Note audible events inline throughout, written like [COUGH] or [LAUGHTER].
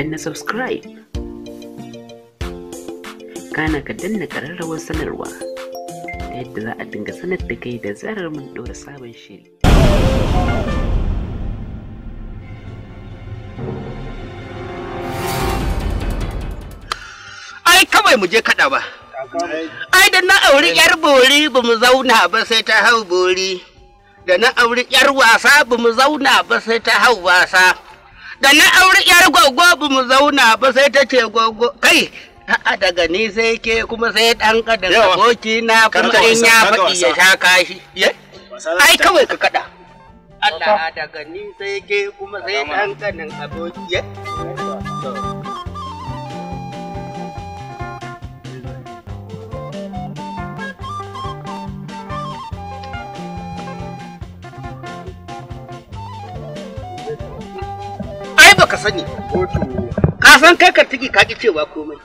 danna subscribe kana ka danna ƙararrawar sanarwa ta yadda za a dinga sanar da kai da zarar mun ɗora sabon shiri ai kawai mu je kaɗa ba ai da na auri yar bori ba mu zauna ba sai ta hau bori da na auri yar wasa ba mu zauna ba sai ta hau wasa da na auri yar gogo ba mu zauna ba sai ta ce gogo kai a daga ni sai ke kuma sai ɗan kadan aboki na kuma in ya faɗi ya sha kashi. Ai kawai ka kada Allah daga ni sai ke kuma sai ɗan kadan aboki. ka sani ka san kai ka tiki ka ki cewa komai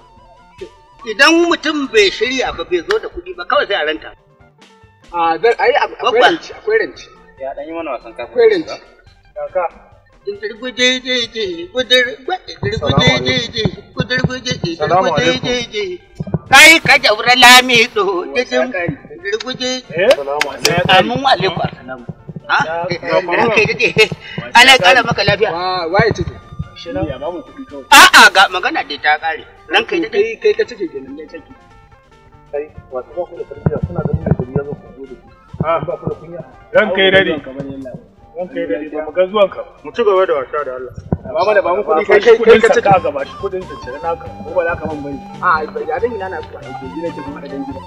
idan mutum bai shirya ba bai zo da kuɗi ba kawai sai a ranta a zan ayi akwai akwai ranci ya dan yi mana wasan akwai ranci kaka didin eh? [LAUGHS] kara maka lafiya Ya ba mu kuɗi kawai. A'a ga magana dai ta ƙare. Ran kai da kai kai ka cike ne Kai wato ba ku da tarbiyya kuna ganin da gari ya zo ku ah. ba ku da kunya. Ran kai dare. Ran kai dare ba mu ga zuwan ka. Mu ci gaba da wasa da Allah. Ba da ba mu kuɗi kai kai kai ka cike gaba shi kuɗin ka cire ko ba za ka man bane. ya dan ina na ku ke kuma dan gida.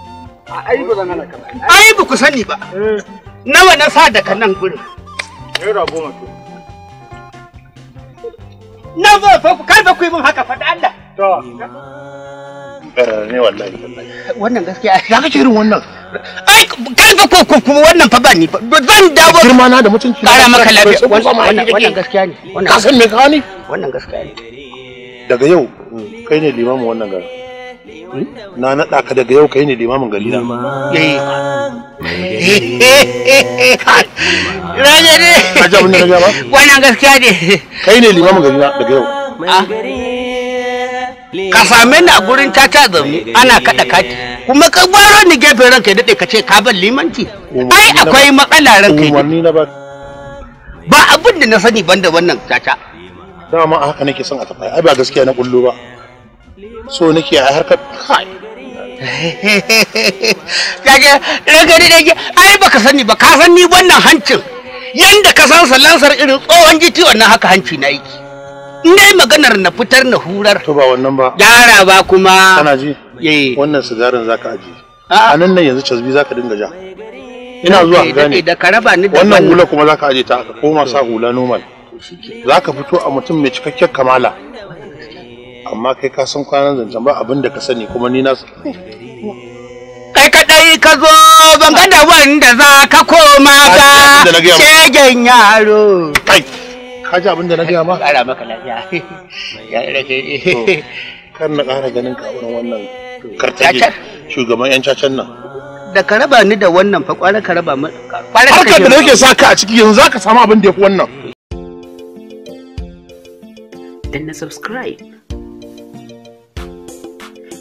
Ai ba ba. Eh. Ai ba ku sani ba. Eh. Nawa na sa daga nan gurin. Naira goma na zo fa kar ba ku yi haka fa Allah to ne wallahi wannan gaskiya ya kake irin wannan ai kar ba ku kuma wannan fa ba ni zan dawo girma na da mutunci kara maka lafiya wannan gaskiya ne wannan ka me ka ni wannan gaskiya ne daga yau kai ne limamin wannan garin na naɗa ka daga yau kai ne limamin galila Raje ne. Haji ah. abin da na gaba? na a caca zaune ana kaɗa kati. Kuma ka ni gefen ranka ya daɗe ka ce ka bar limanci. Ai akwai matsala ranka Ba abun da na sani banda wannan caca. Dama haka nake son a tafi. Ai ba gaskiya na kullu ba. So nake a harkar kage rage rage ai baka sani ba ka san ni wannan hancin yanda ka san salansar irin tsohon jiti wannan haka hanci na yi in dai maganar na fitar na hurar to ba wannan ba gyara ba kuma kana ji eh. wannan sigarin zaka aje a nan nan yanzu casbi zaka dinga ja ina zuwa gane da ka ni da wannan hula kuma zaka aje ta aka koma sa hula normal zaka fito a mutum mai cikakken kamala amma kai ka san kwanan zancen ba abin da ka sani kuma ni na kai ka dai ka zo ban ga da wanda za ka koma ba shegen yaro kai ka ji abin da na gaya ma kara maka lafiya [LAUGHS] ya rage kan na kara ganin ka wurin wannan kartaje shugaban yan cacan nan da ka raba ni da wannan fa kwara ka raba mu kwara ka da nake saka a ciki yanzu zaka samu abin da yafi wannan danna subscribe